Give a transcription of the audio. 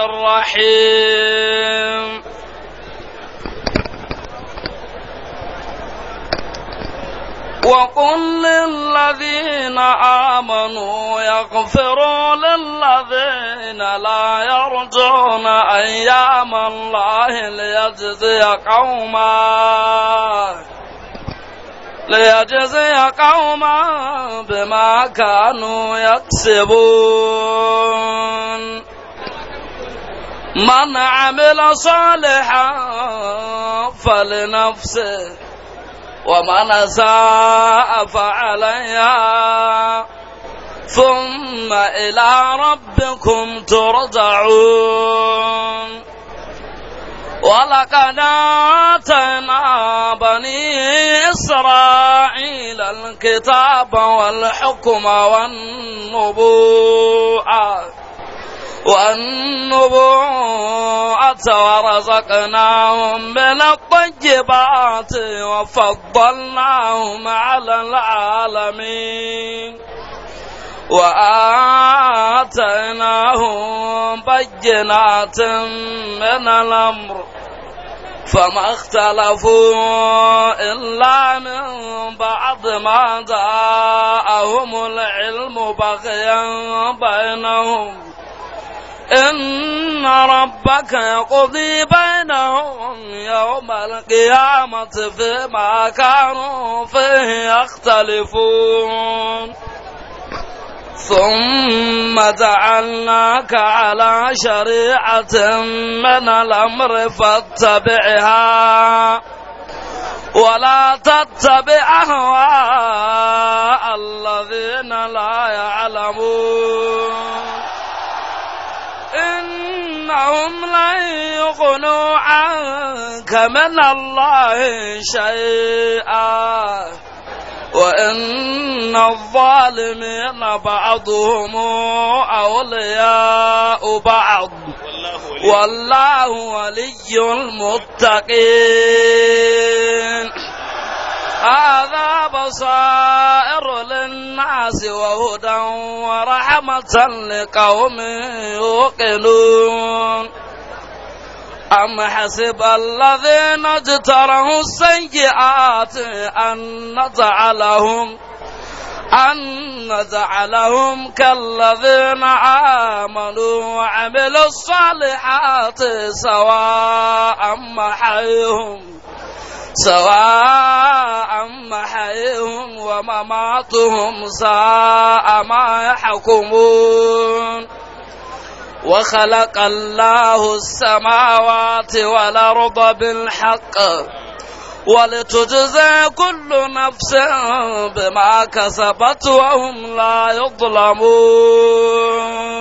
الرحيم وقل للذين آمنوا يغفروا للذين لا يرجون أيام الله ليجزي قوما ليجزي قوما بما كانوا يكسبون من عمل صالحا فلنفسه ومن ساء فعليها ثم إلى ربكم ترجعون ولقد آتينا بني إسرائيل الكتاب والحكم والنبوءة والنبوءة ورزقناهم من الطيبات وفضلناهم على العالمين وآتيناهم بينات من الأمر فما اختلفوا إلا من بعد ما جاءهم العلم بغيا بينهم إن ربك يقضي بينهم يوم القيامة فيما كانوا فيه يختلفون ثم جعلناك على شريعة من الأمر فاتبعها ولا تتبع أهواء الذين لا يعلمون إنهم لن يغنوا عنك من الله شيئا وإن الظالمين بعضهم أولياء بعض والله ولي المتقين هذا بصائر للناس وهدى ورحمة لقوم يوقنون أم حسب الذين اجتروا السيئات أن نجعلهم أن نجعلهم كالذين آمنوا وعملوا الصالحات سواء محيهم سواء حيهم ومماتهم ساء ما يحكمون وخلق الله السماوات والأرض بالحق ولتجزى كل نفس بما كسبت وهم لا يظلمون